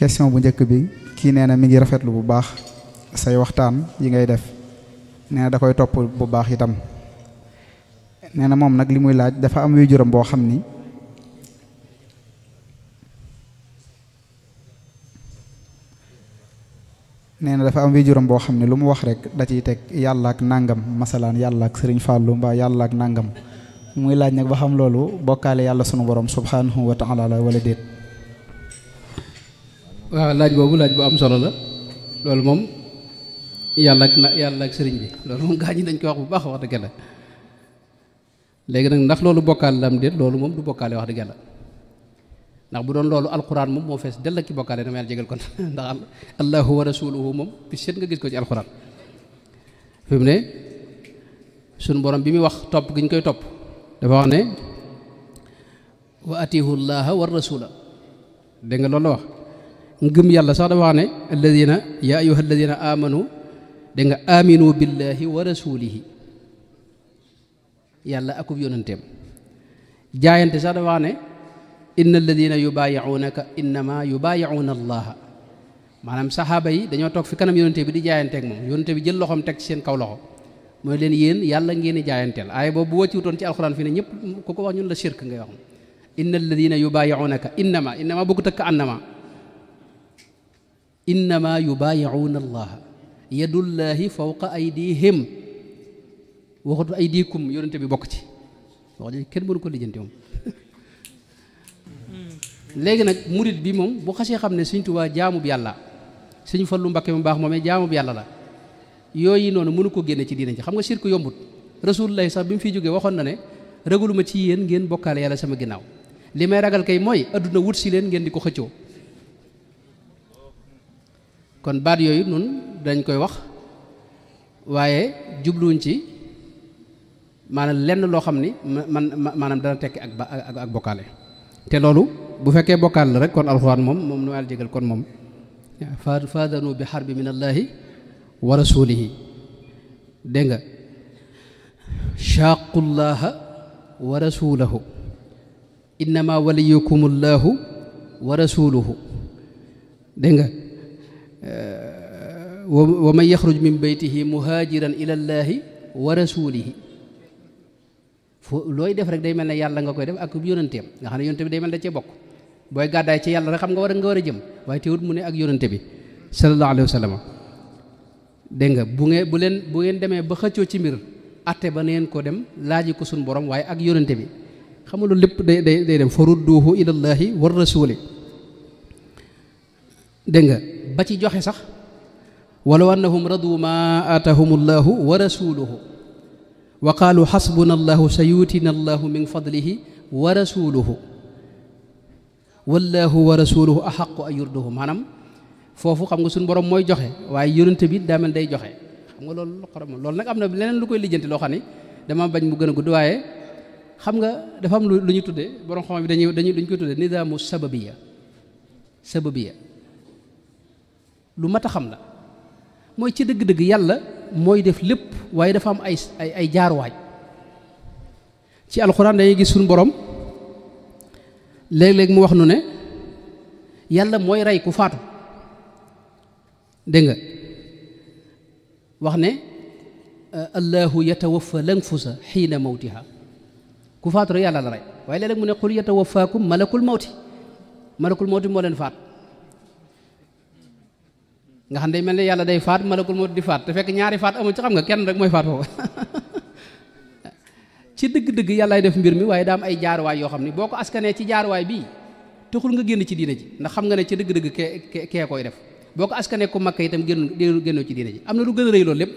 question bu njëkk bi kii nee na mi ngi rafetlu bu baax say waxtaan yi ngay def nee na da topp bu baax itam nee na moom nag li muy laaj dafa am waajuram boo xam ni nee na dafa am waajuram boo xam ne lu mu wax rek da ciy teg yàlla ak nangam masalaan yàlla ak sëriñ Fallou mbaa yàlla ak nangam muy laaj nag ba xam loolu bokkaale yàlla sunu borom subhanahu wa taala la wala déet. waaw laaj boobu laaj bu am solo la loolu moom yàlla ak na yàlla ak sëriñ bi loolu moom gaa ñi dañ koy wax bu baax wax dëgg la léegi nag ndax loolu bokkaale la am déet loolu moom du bokkaale wax dëgg la ndax bu doon loolu alxuraan moom moo fees dell ak ki bokkaale dama yàlla jégal kon ndax allahu wa rasuluhu moom bi seet nga gis ko ci alxuraan fi mu borom bi muy wax topp gi koy topp dafa wax ne wa atihu llaha wa rasula dégg nga loolu la wax ngëm yàlla sax dafa wax ne alladina yaa ayuha alladina amanu da nga aminu billahi wa rasulihi yàlla akub yónanteem jaayante sax dafa wax ne inna alladina yubaayicuunaka innama yubaayicuuna allaha maanaam saxaaba yi dañoo toog fi kanam yónante bi di jaayanteeg moom yónante bi jël loxoom teg ci seen kaw loxo mooy leen yéen yàlla ngeen di jaayanteel aaya boobu bu wàcciwutoon ci alxuraan fi ne ñëpp ku ko wax ñun la shirk ngay wax inna alladina yubaayicuunaka innama innama bëgg tëkk annama innama yubaayicuuna allaha yadullaahi fawqa aydihim waxatu aydikum yonente bi bokk ci wax ji kenn mënu ko lijjanti moom léegi nag murit bi moom bu xasee xam ne Sëñ Tuubaa jaamub yàlla Sëñ Fallu Mbakke mu baax moomee jaamub yàlla la yooyu noonu mënu ko génne ci diina ji xam nga sirku yombut rasulullahi sax bi mu fiy jógee waxoon na ne ragaluma ci yéen ngeen bokkaale yàlla sama ginnaaw li may ragal kay mooy adduna wut si leen ngeen di ko xëccoo kon baat yooyu nun dañ koy wax waaye jubluwuñ ci maanam lenn loo xam ni man maanaam dana tekki ak ak bokkaale te loolu bu fekkee bokkaale la rek kon alxuraan moom moom nu yàlla jégal kon moom faadanu bi xarbi min allaahi wa rasulihi dégg nga shaaqullaaha wa rasulahu innama waliyukum allaahu wa rasuluhu dégg nga wa man yaxruj min beytihi muhaajiran ila llaahi wa rasuulihi foo looy def rek day mel ne yàlla nga koy def ak yónanteem nga xam ne yónante bi day mel na cee bokk booy gàddaay ci yàlla rek xam nga war a nga war a jëm waaye teewut mu ne ak yónante bi sallallahu alayhi wa sallam dégg nga bu ngeen bu leen bu ngeen demee ba xëccoo ci mbir atte ba neen ko dem laaji ko suñ borom waaye ak yónante bi xam loolu lépp day day day dem fa rudduhu ilallahi wa rasuli dégg nga ba ci joxe sax walaw annahum radu ma aatahum allahu wa rasuluhu wa qaalu xasbuna allahu sayuutina allahu min fadlihi wa rasuluhu wallahu wa rasuluhu axaqu an yurduhu maanaam foofu xam nga suñu borom mooy joxe waaye yonente bi daa mel day joxe xam nga loolu xorom loolu nag am na leneen lu koy lijjanti loo xam ne dama bañ mu gën a gudd waaye xam nga dafa am lu ñu tuddee borom xam bi dañuy dañuy dañ koy tuddee nidaamu sababiya sababiya lu mat a xam la mooy ci dëgg-dëgg yàlla mooy def lépp waaye dafa am ay ay ay jaaruwaay ci alxuraan dañuy gis suñu borom léeg-léeg mu wax nu ne yàlla mooy rey ku faatu dégg nga wax ne allahu yatawaffa lanfusa xiina mawtiha ku faatu rek yàlla la rey waaye léeg-léeg mu ne qul yatawafaakum malakul mawti malakul mawti moo leen faat nga xam day mel ne yàlla day faat malakul mawt di faat te fekk ñaari faat amul ci xam nga kenn rek mooy faat foofu ci dëgg-dëgg yàllaay def mbir mi waaye daa am ay jaaruwaay yoo xam ne boo ko askanee ci jaaruwaay bii taxul nga génn ci diina ji ndax xam nga ne ci dëgg-dëgg kee kee koy def boo ko askanee ku yi itam génn génnoo ci diina ji am na lu gën a loolu lépp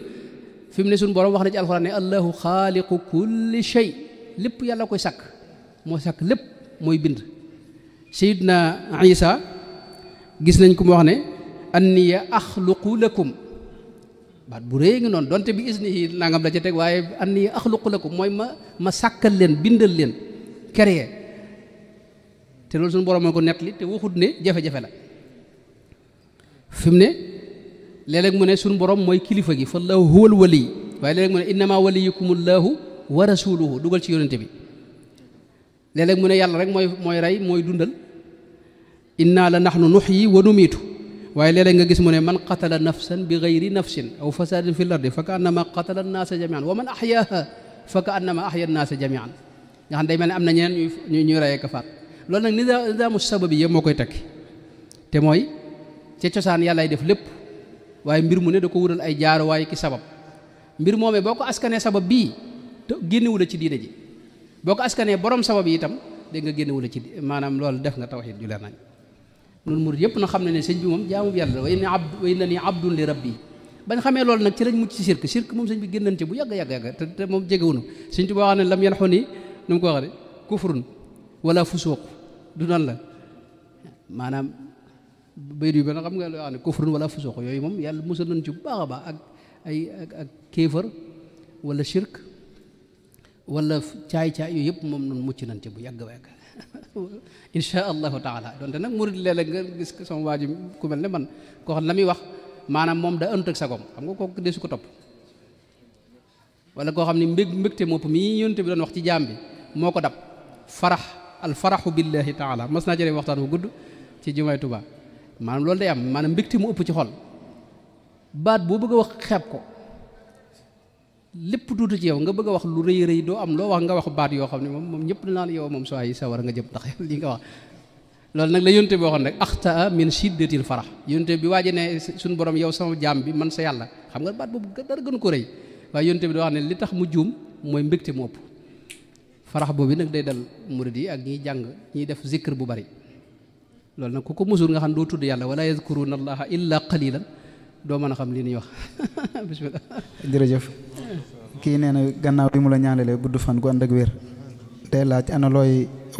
fi mu ne suñu borom wax na ci alxuraan ne allahu xaaliqu kulli shay lépp yàlla koy sàkk moo sàkk lépp mooy bind sayidna isa gis nañ ko mu ne anniya axluqu lakum baat bu rëy ngi noonu donte bi isnihi nangam la ca teg waaye anniya axluqu lakum mooy ma ma sàkkal leen bindal leen créer te loolu suñu borom moo ko nettali te waxut ne jafe-jafe la fi mu ne léeg mu ne suñu borom mooy kilifa gi fa laahu huwal wali waaye léeg-léeg mu ne innama waliyukumullaahu wa rasuluhu dugal ci yonente bi léeg mu ne yàlla rek mooy mooy rey mooy dundal inna la naxnu nuxyi wa numiitu waaye léeg nga gis mu ne man qatala nafsan bi gayri nafsin aw fasadin fi lardi fa ka annama qatala annaasa jamian wa man axyaaha fa ma annama axya annaasa jamian nga xam day mel ne am na ñeneen ñuy ñuy rayee ka faat loolu nag nidaamu sababi yëpp moo koy takki te mooy ca cosaan yàllaay def lépp waaye mbir mu ne da ko wutal ay jaaruwaay ki sabab mbir moomee boo ko askanee sabab bii te génnewu la ci diine ji boo ko askanee borom sabab yi itam dégg nga génnewu la ci maanaam loolu def nga tawxiid ju leer nañ nun murid yëpp na xam ne ne sëñ bi moom jaamu yàlla way na ni abdun rabbi bañ xamee loolu nag ci lañ mucc ci sirk sirk moom sëñ bi génnan ci bu yàgg yàgg yàgg te te moom jegewunu sëñ bi boo xam ne lam yan xo ni nu mu du noonu la maanaam baydu yu ba xam nga loo xam ne kufrun wala fusuq yooyu moom yàlla musal nañ ci bu baax a baax ak ay ak wala sirk wala caay-caay yooyu yëpp moom noonu mucc nañ ci bu yàgg yàgg insha allahu taala donte nag murid léeg nga gis sama waa ji ku ne man koo xam na muy wax maanaam moom da ënt sa sagoom xam nga koo kooku desu ko topp wala koo xam ne mbég mbégte mopp mii yonte bi doon wax ci jaam bi moo ko dab farax al faraxu billahi taala mas naa jëlee waxtaan bu gudd ci jumaay Tuubaa maanaam loolu day am maanaam mbégte mu ëpp ci xol baat boo bëgg a wax xeeb ko lépp tuuti ci yow nga bëgg a wax lu rëy rëy doo am loo wax nga wax baat yoo xam ne moom moom ñëpp danaan yow moom soo ay sawar nga jëm ndax li nga wax loolu nag la yonte bi waxoon rek axtaa min bi waaje ne suñu borom yow sama jaam bi man sa yàlla xam nga baat boobu dara gën ko rëy waaye yonte bi da wax ne li tax mu juum mooy mbégte mu ëpp farax boobu nag day dal murid yi ak ñiy jàng ñiy def zikr bu bari loolu nag ku ko musul nga xam doo tudd yàlla wala yazkuruna allaha illa qalilan doo mën a xam lii ni wax bisimilah. jërëjëf kii nee na gannaaw bi mu la ñaanalee gudd fan gu ànd ak wér day laaj ana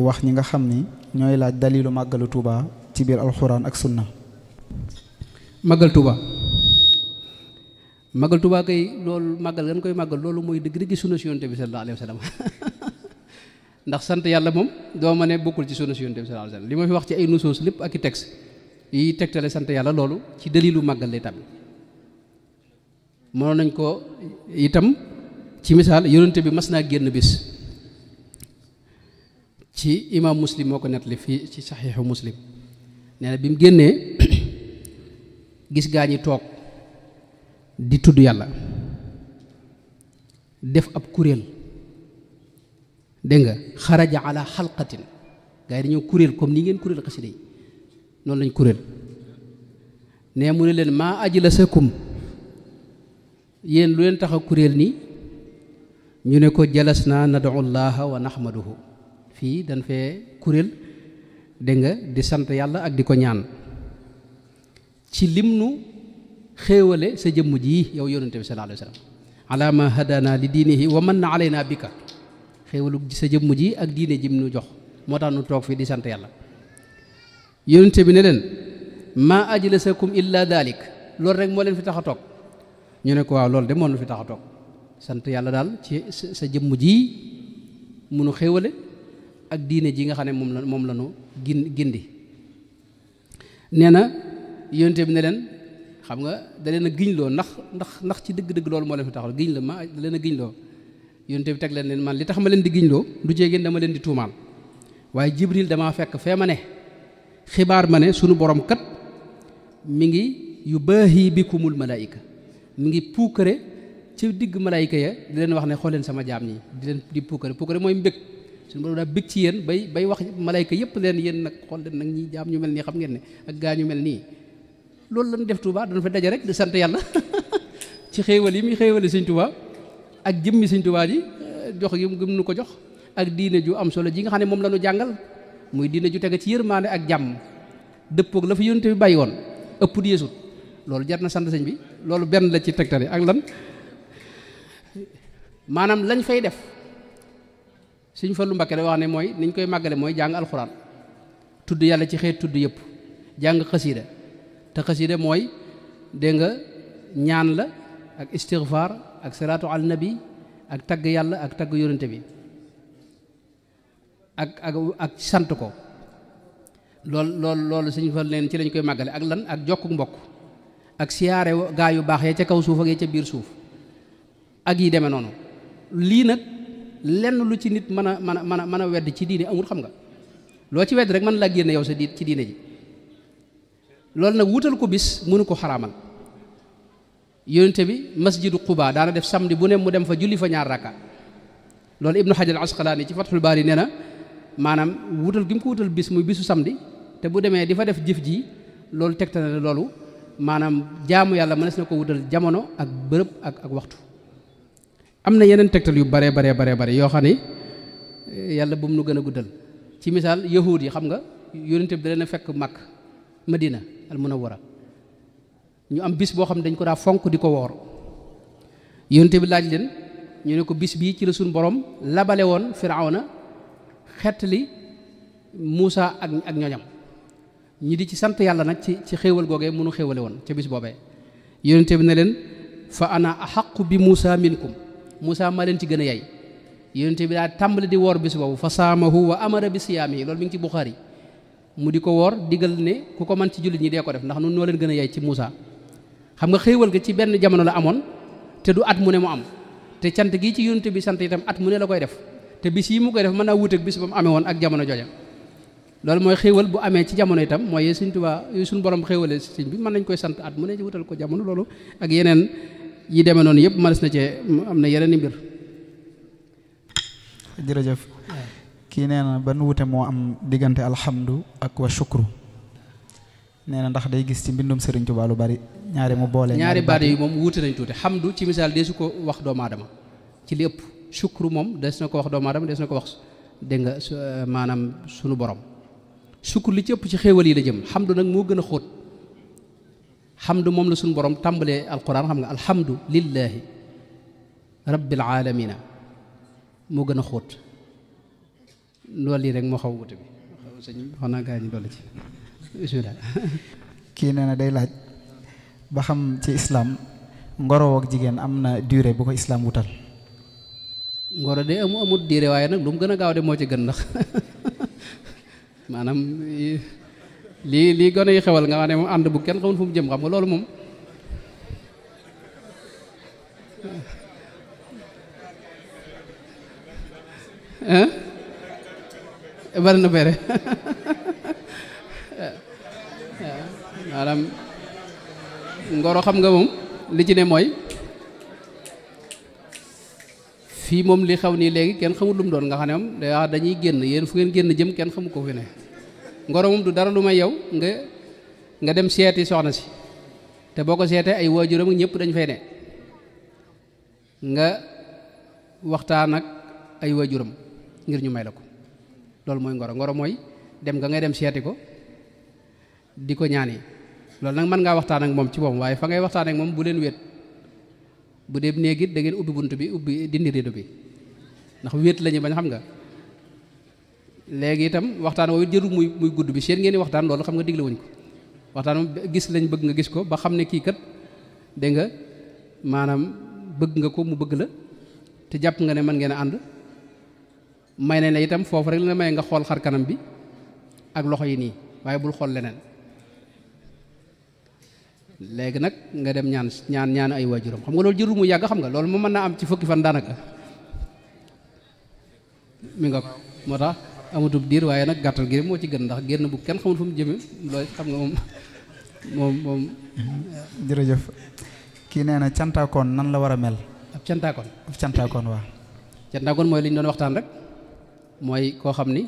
wax ñi nga xam ni ñooy laaj dalilu màggalu Touba ci biir alxuraan ak sunna. màggal Touba màggal Touba kay loolu màggal gan koy màggal loolu mooy dëgg dëgg sunna si yonte bi sallallahu alayhi wa sallam ndax sant yàlla moom doo ma ne bokkul ci sunna si yonte bi sallallahu alayhi wa sallam li ma fi wax ci ay nusuus lépp ak i texte yi tegtale sant yàlla loolu ci dalilu màggal lay tàbbi mënoon nañ ko itam ci misaal yonente bi mas naa génn bis ci imaam muslim moo ko nettali fii ci saxiixu muslim nee bi mu génnee gis gaa ñi toog di tudd yàlla def ab kuréel dégg nga xaraja ala xalqatin gaa yi dañoo kuréel comme ni ngeen kuréel xasida yi noonu lañ kuréel ne mu ne leen maa aji la sa sakum yéen lu leen tax a kuréel nii ñu ne ko jalas naa nad'u llaha wa nahmaduhu fii dañ fee kuréel dégg nga di sant yàlla ak di ko ñaan ci lim nu xéewale sa jëmm jii yow yonente bi sa alayhi wa sallam ala ma hadana li diinihi wa man na naa bika xéewalu sa jëmm ji ak diine jim nu jox moo tax nu toog fii di sant yàlla yonente bi ne leen maa ajlasakum illa daalik loolu rek moo leen fi tax a toog ñu ne ko waaw loolu de moo leen fi tax a toog sant yàlla daal ci sa jëmm ji munu xéwale ak diine ji nga xam ne moom la moom la ñu gin gindi nee na yonente bi ne leen xam nga da leen a giñloo ndax ndax ndax ci dëgg-dëgg loolu moo leen fi taxal giñ la ma da leen a giñloo yonente bi teg leen leen man li tax ma leen di giñloo du jéegéen dama leen di tuumaal waaye jibril damaa fekk fee ma ne xibaar ma ne sunu borom kat mi ngi yu baahi bikumul malaayika mu ngi puukare ci digg malaayika ya di leen wax ne xool leen sama jaam ñi di leen di puukare puukare mooy mbég suñu borom daa bég ci yéen bay bay wax malaayika yëpp leen yéen nag xool leen nag ñi jaam ñu mel nii xam ngeen ne ak gaa ñu mel nii loolu lañ def Tuubaa dañ fa daje rek di sant yàlla ci xéewal yi muy xéewale Sëñ Tuubaa ak jëmmi Sëñ Tuubaa ji jox gi gëm nu ko jox ak diine ju am solo ji nga xam ne moom la jàngal muy diina ju tege ci yërmaande ak jàmm dëppook la fa yónte bi bàyyi woon ëpp di loolu jar na sant sëñ bi loolu benn la ci tegtale ak lan maanaam lañ fay def suñ lu Mbakke da wax ne mooy niñ koy màggale mooy jàng alxuraan tudd yàlla ci xeet tudd yëpp jàng xasiida te xasiida mooy dégg nga ñaan la ak istigfaar ak salaatu al nabi ak tagg yàlla ak tagg yónente bi ak ak sant ko lool lool loolu sëñ fal leen ci lañ koy màggale ak lan ak jokku mbokk ak siyaare gaa yu baax ya ca kaw suuf ak ya ca biir suuf ak yi demee noonu lii nag lenn lu ci nit mën a mën a mën a mën a wedd ci diine amul xam nga loo ci wedd rek mën laa génn yow sa diit ci diine ji loolu nag wutal ko bis mënu ko xaraamal yónente bi masjidu Quba daana def samedi bu ne mu dem fa julli fa ñaar rakka loolu ibnu xajar asqalaani ci fathul baari nee na maanaam wutal gi mu ko wutal bis muy bisu samedi te bu demee di fa def jëf ji loolu tegtal na loolu maanaam jaamu yàlla mënees na ko wutal jamono ak bërëb ak ak waxtu am na yeneen tegtal yu bare bare bare bare yoo xam ne eh, yàlla bu mu nu gën a guddal ci misaal yahuud yi xam nga yónnente bi da leen a fekk Makka Madina al Munawwara ñu am bis boo xam ne dañ ko daa fonk di ko woor yónnente bi laaj leen ñu ne ko bis bii ci la suñu borom labale woon Firawna xettali Muusa ak ak ñoñam ñi di ci sant yàlla nag ci ci xéewal googee mënu xéewale woon ca bis boobee yonente bi na leen fa ana axaqu bi Muusa minkum Muusa ma leen ci gën a yay yonente bi daa tàmbali di woor bis boobu fa saama saamahu wa amara bi siyaami loolu mi ngi ci Buxaari mu di ko woor digal ne ku ko mën ci jullit ñi dee ko def ndax nun noo leen gën a yaay ci Muusa xam nga xéewal ga ci benn jamono la amoon te du at mu ne mu am te cant gi ci yonente bi sant itam at mu ne la koy def te bis yi mu koy def mën naa wuuteeg bis ba mu amee woon ak jamono jooja loolu mooy xéewal bu amee ci jamono itam mooy Sëriñ Tuubaa suñu borom xéewale sëriñ bi mën nañ koy sant at mu ne wutal ko jamono loolu ak yeneen yi demee noonu yëpp mënees na cee mu am na yeneen i mbir. jërëjëf kii nee na ban wuute moo am diggante alhamdu ak wa shukru nee na ndax day gis ci mbindum Sëriñ Tuubaa lu bari ñaari mu boole. ñaari baat yi moom wuute nañ tuuti hamdu ci misaal dee ko wax doomu ci lépp. sukru moom des na ko wax doomu aadama des na ko wax dégg nga euh, maanaam sunu borom sukkur li ci ëpp ci xéewal yi la jëm xamdu nag moo gën a xóot xamdu moom la suñu borom tàmbalee alquran xam nga alhamdu lillahi rabbil alamina moo gën a xóot loolu yi rek moo xaw a wute bi sëñ xaw naa gaa ci bismillah kii nee na day laaj ba xam ci islaam ngoroo ak jigéen am na durée bu ko islaam wutal ngoro de amu amut diire waaye nag lu mu gën a gaaw de moo ci gën ndax maanaam lii lii gone yu xewal nga xam ne moom ànd bu kenn xamul fu mu jëm xam nga loolu moom bari na maanaam ngoro xam nga moom li ci ne mooy fii moom li xaw nii léegi kenn xamul lu mu doon nga xam ne moom da ah, dañuy génn yéen fu ngeen génn jëm kenn xamu ko fi ne ngoro moom du dara lu may yow nga nga dem seeti soxna si te boo ko seetee ay waajuram ak ñëpp dañ fay ne nga waxtaan ak ay waajuram ngir ñu may la ko loolu mooy ngoro ngoro mooy dem nga ngay dem seeti ko di ko ñaan yi loolu nag mën ngaa waxtaan ak moom ci boppam waaye fa ngay waxtaan ak moom bu leen wéet bu dee néeg it da ngeen ubbi bunt bi ubbi dindi rido bi ndax wéet la ñu bañ xam nga léegi itam waxtaan woowu jëru muy muy gudd bi seen ngeen di waxtaan loolu xam nga digle wuñ ko waxtaan gis lañ bëgg nga gis ko ba xam ne kii kat dégg nga maanaam bëgg nga ko mu bëgg la te jàpp nga ne man ngeen a ànd may nañ la itam foofu rek la may nga xool xar kanam bi ak loxo yi nii waaye bul xool leneen léegi nag nga dem ñaan ñaan ñaan ay waajuram xam nga loolu jërul mu yàgg xam nga loolu mu mën naa am ci fukki fan daanaka mi nga moo tax amatub diir waaye nag gàttal gi moo ci gën ndax génn bu kenn xamul fu mu jëme loolu xam nga moom moom moom mm-hmm. jërëjëf kii nee na cantaakoon nan la war a mel ab cantaakoon ab cantaakoon waaw cantaakoon mooy li doon waxtaan rek mooy koo xam ni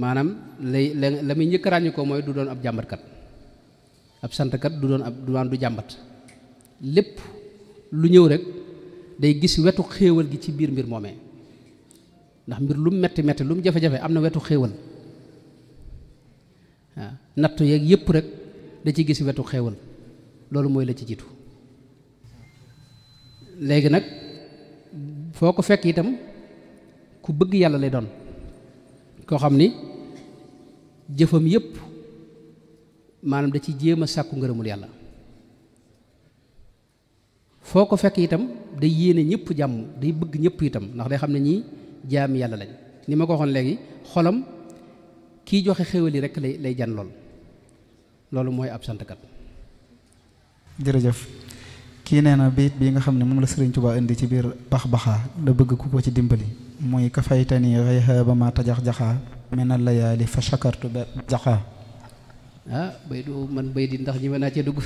maanaam lay la muy njëkk ràññi ko mooy du doon ab jàmbatkat ab santkat du doon ab du waan du jàmbat lépp lu ñëw rek day gis wetu xéewal gi ci biir mbir moomee ndax mbir lu mu metti metti lu mu jafe-jafe am na wetu xéewal waaw ah, nattu yeeg yëpp rek da ci gis wetu xéewal loolu mooy la ci jitu léegi nag foo ko fekk itam ku bëgg yàlla lay doon koo xam ni jëfam yépp maanaam da ci jéem a sàkku ngërëmul yàlla foo ko fekk itam day yéene ñëpp jàmm day bëgg ñëpp itam ndax day xam ne ñii jaam yàlla lañ li ma ko waxoon léegi xolam kii joxe xéwal yi rek lay lay jan lool loolu mooy ab santkat jërëjëf kii nee na biit bi nga xam ne moom la Sëriñ Tuubaa indi ci biir bax baxaa la bëgg ku ko ci dimbali mooy kafaytani rayha ba ma tajax jaxaa menal la yaali fa shakartu ba jaxaa ah bay du man bay di ndax ñi mën naa cee dugg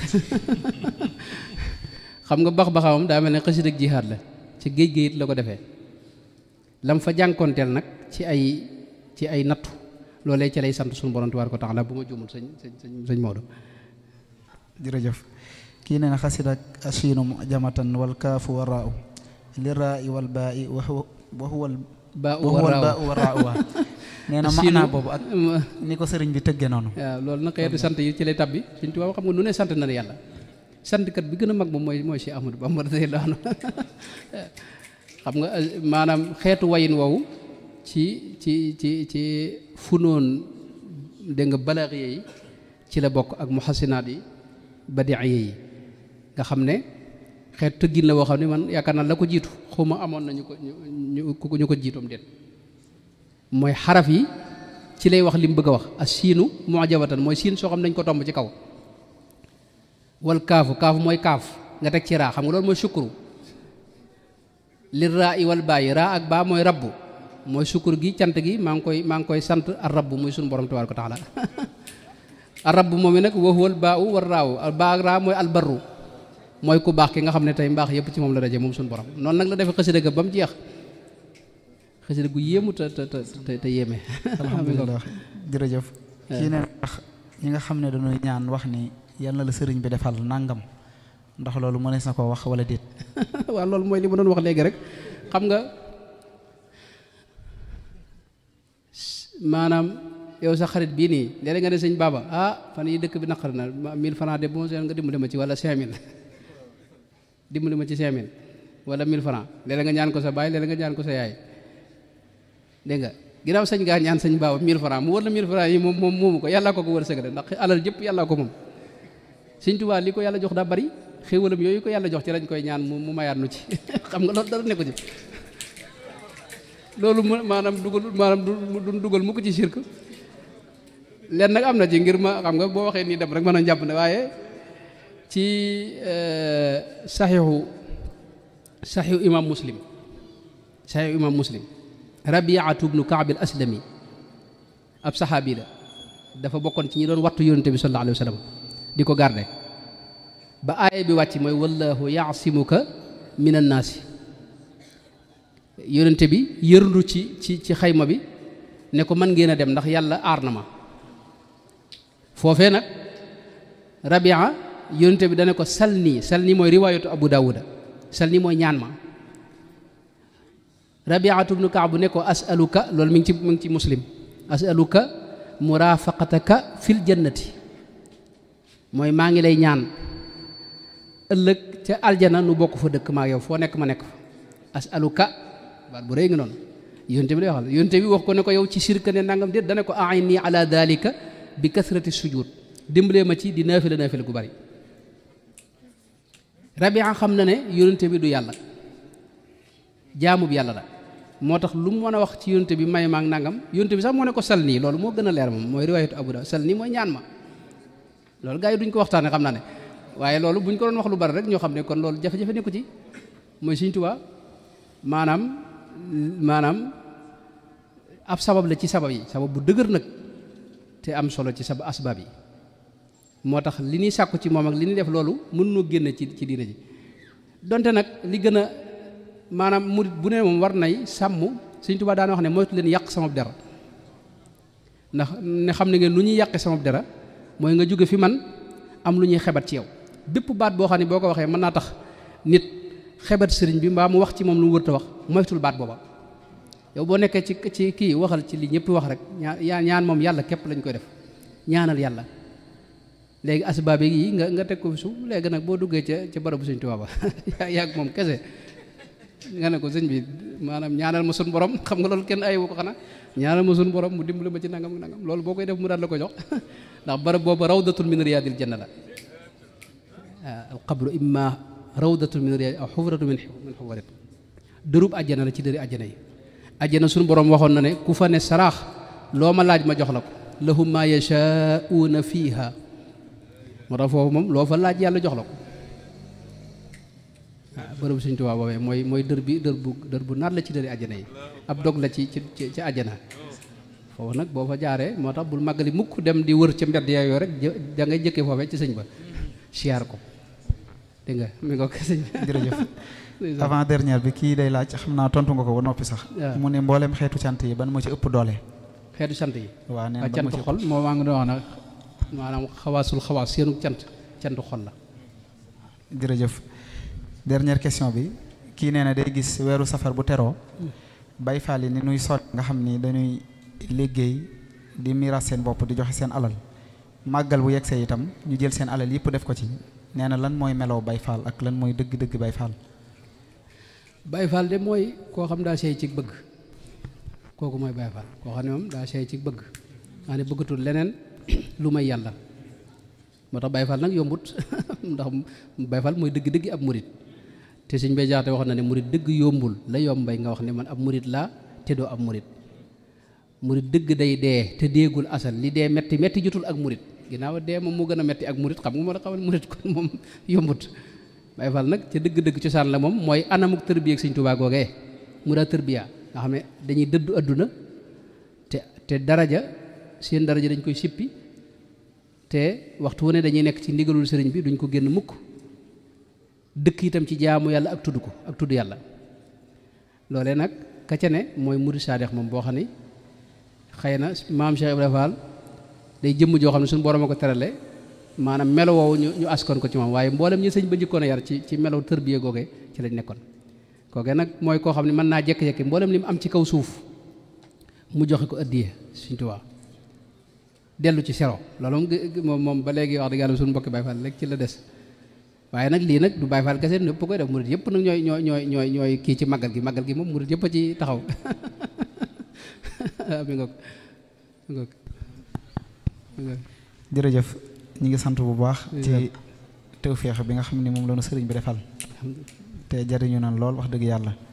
xam nga bax baxawam daa mel ne xësid ak jihaad la ci géej géej la ko defee lam fa jànkoonteel nag ci ay ci ay nattu loolee ci lay sant suñu borom tubaar ko tax la bu ma juumul sañ sëñ sëñ Maodo jërëjëf kii nee na xasid ak asiinu jamatan wal kaafu wa li raa i wal baa i wa baa u wa nee na maanaa boobu ak ni ko sëriñ bi tëggee noonu waaw loolu na xeetu sant yi ci lay tab bi suñ tubaab xam nga nu ne sant na la yàlla santkat bi gën a mag moom mooy mooy Cheikh Ahmadou Bamba radiyallaahu anhu xam nga maanaam xeetu wayin woowu ci ci ci ci funoon dégg nga balaax yi ci la bokk ak muhasinaat yi badiiya yi nga xam ne xeet tëggin la woo xam ne man yaakaar naa la ko jiitu xaw ma amoon na ñu ko ñu ko ñu ko jiitoom déet mooy xaraf yi ci lay wax li mu bëgg a wax as siinu mujabatan mooy siin soo xam dañ ko tomb ci kaw wal kaafu kaafu mooy kaaf nga teg ci raa xam nga loolu mooy sukuru li wal bàyyi raa ak baa mooy rabbu mooy sukkur gi cant gi maa ngi koy maa ngi koy sant ar rabbu muy sunu borom tabaaraka taala ar rabbu moom i nag wa huwal baa u war raawu baa ak raa mooy albarru mooy ku baax ki nga xam ne tey mbaax yëpp ci moom la daje moom suñu borom noonu nag la defe xasida ga ba mu jeex xasida gu yéemu te te te te yéeme. alhamdulilah jërëjëf. Eh. kii xam ne dañuy ñaan wax ni yal na la sëriñ bi defal nangam ndax loolu mënees na koo wax wala déet. waaw loolu mooy li ma doon wax léegi rek xam nga maanaam yow sa xarit bii nii léeg nga ne sëñ Baba ah fan yi dëkk bi naqar na ma 1000 francs de bon nga dimbali ma ci wala 5000 dimbali ma ci 5000 wala 1000 francs léeg nga ñaan ko sa baay léeg nga ñaan ko sa yaay. dégg nga ginnaaw sëñ gaar ñaan sañ baaba 1000 francs mu wër la 1000 francs yi moom moom moomu ko yàllaa ko ko wër sëgale ndax alal jëpp yàllaa ko moom sëñ Tuubaa li ko yàlla jox daa bari xéewalam yooyu ko yàlla jox ci lañ koy ñaan mu may nu ci xam nga loolu dara nekku ci loolu maanaam dugal maanaam du dugal mukk ci sirk leen nag am na ci ngir ma xam nga boo waxee nii dem rek mën a jàpp ne waaye ci eh, saxiixu saxiixu imam muslim saxiixu imam muslim rabiatu bnu kaab al ab saxaabi la dafa bokkoon ci ñi doon wattu yonente bi sallallahu alayhi wa sallam di ko garde ba aaya bi wàcc mooy wallahu yaasimuka min annaasi yonente bi yërlu ci ci ci xayma bi ne ko mën ngeen a dem ndax yàlla aar na ma foofee nag rabia yonente bi dana ko nii salni salni mooy riwaayatu abu daawuda salni mooy ñaan ma rabiatu bnu bu ne ko asaluka loolu mi ngi ci mi ngi ci muslim asaluka murafaqataka fil jannati mooy maa ngi lay ñaan ëllëg ca aljana nu bokk fa dëkk maa yow foo nekk ma nekk fa asaluka baat bu rëy nga noonu yonte bi lay waxal yonte bi wax ko ne ko yow ci sirka ne nangam déet dana ko aini ala dalika bi kasrati sujud dimbalee ma ci di naafila naafila gu bari rabia xam na ne yonente bi du yàlla jaamub yàlla la moo tax lu mu mën a wax ci yonte bi may maag nangam yonte bi sax moo ne ko sal nii loolu moo gën a leer moom mooy riwaayatu Abu Daawud sal nii mooy ñaan ma loolu gars duñ ko waxtaane xam naa ne waaye loolu bu buñ ko doon wax lu bari rek ñoo xam ne kon loolu jafe-jafe nekku ci mooy Sëriñ Tuubaa maanaam maanaam ab sabab la ci sabab yi sabab bu dëgër nag te am solo ci sab asbab yi moo tax li nuy sàkku ci moom ak li ñuy def loolu mën noo génn ci ci diina ji donte nag li gën a maanaam murit bu ne moom war nay sàmm Sëriñ Tuubaa daan wax ne moytu leen yàq sama dara ndax ne xam ne ngeen lu ñuy yàqe sama dara mooy nga jóge fi man am lu ñuy xebat ci yow bépp baat boo xam ne boo ko waxee mën naa tax nit xebat sëriñ bi mbaa mu wax ci moom lu mu wërta wax moytul baat booba yow boo nekkee ci ci kii waxal ci lii ñëpp wax rek ñaan ñaan moom yàlla képp lañ koy def ñaanal yàlla léegi asbaab yi nga nga teg ko fi suuf léegi nag boo duggee ca ca barabu Sëriñ Tuubaa ba yàgg moom kese nga ne ko sëñ bi maanaam ñaanal ma suñu borom xam nga loolu kenn ayewu ko xanaa ñaanal ma suñu borom mu dimbali ma ci nangam nangam loolu boo koy def mu daal la ko jox ndax barab boobu rawdatun min riyaadil janna la ah, al qabru imma rawdatun min riyaad aw xufratun min xufarit dërub àjjana la ci dëri àjjana yi àjjana suñu borom waxoon na ne ku fa ne saraax loo ma laaj ma jox la ko lahum ma yashaa'uuna fiiha moo tax foofu moom loo fa laaj yàlla jox la ko bërëbu mooy mooy dër bi dër bu dër bu naat la ci dëri àjjana yi ab dog la ci ci ci àjjana foofu nag boo fa jaaree moo tax bul màggali mukk dem di wër ca mbedd yooyu rek da ngay jëkkee foofee ci sëñ ba siyaar ko dégg nga mi nga ko sëñ jërëjëf avant dernière bi kii day laaj xam naa tontu nga ko ba noppi sax mu ne mbooleem xeetu sant yi ban moo ci ëpp doole xeetu cant yi waaw nee na cant xol moo maa ngi doon wax nag maanaam xawaasul xawaas seenu cant cant xol la dernière question bi kii nee na day gis weeru safar bu teroo mm. bay faal yi ni nuy sotti nga xam ni dañuy liggéey di miiras seen bopp di joxe seen alal màggal bu yegsee itam ñu jël seen alal yëpp def ko ci nee na lan mooy melow bay faal ak lan mooy dëgg-dëgg bay faal. bay faal de mooy koo xam daa seey ci bëgg mooy bay koo xam ne moom daa seey ci bëgg maa ne bëggatul leneen lu may yàlla moo tax bay faal nag yombut ndax bay mooy dëgg-dëgg ab murit te sëñ bay jaxate wax na ne murit dëgg yombul la yombay nga wax ne man am murit laa te doo am murit murit dëgg day dee te déegul asal li dee metti metti jotul ak murit ginnaaw dee moom moo gën a metti ak murit xam nga moo la xamal murit kon moom yombut Baay Faal nag ca dëgg-dëgg cosaan la moom mooy anamuk tërbiya ak sëñ Tuubaa googee mu daa tërbiya nga xam ne dañuy dëddu àdduna te te daraja seen daraja dañ koy sippi te waxtu wu ne dañuy nekk ci ndigalul sëriñ bi duñ ko génn mukk dëkk itam ci jaamu yàlla ak tudd ko ak tudd yàlla loolee nag ka ca mooy murid saadex moom boo xam ne xëy na maam Cheikh Ibrahima Fall day jëmm joo xam ne suñu borom a ko terale maanaam melo woowu ñu ñu ko ci moom waaye mboolem ñu sëñ ba njëkkoon a yar ci ci melaw tërbiyee googee ci lañ nekkoon kookee nag mooy koo xam ne mën naa jékki-jékki mboolem li mu am ci kaw suuf mu joxe ko addiye Sëñ Tuubaa dellu ci sero loolu moom ba léegi wax dëgg yàlla suñu mbokki Baay Faal ci la des waaye nag lii nag du Baay Faal kese ñëpp koy def murit yëpp nag ñooy ñooy ñooy ñooy ñooy kii ci màggal gi màggal gi moom murit yëpp a ci taxaw mi ñu ngi sant bu baax ci tawféex bi nga xam ne moom la nu sëriñ bi defal te jariñu nan lool wax dëgg yàlla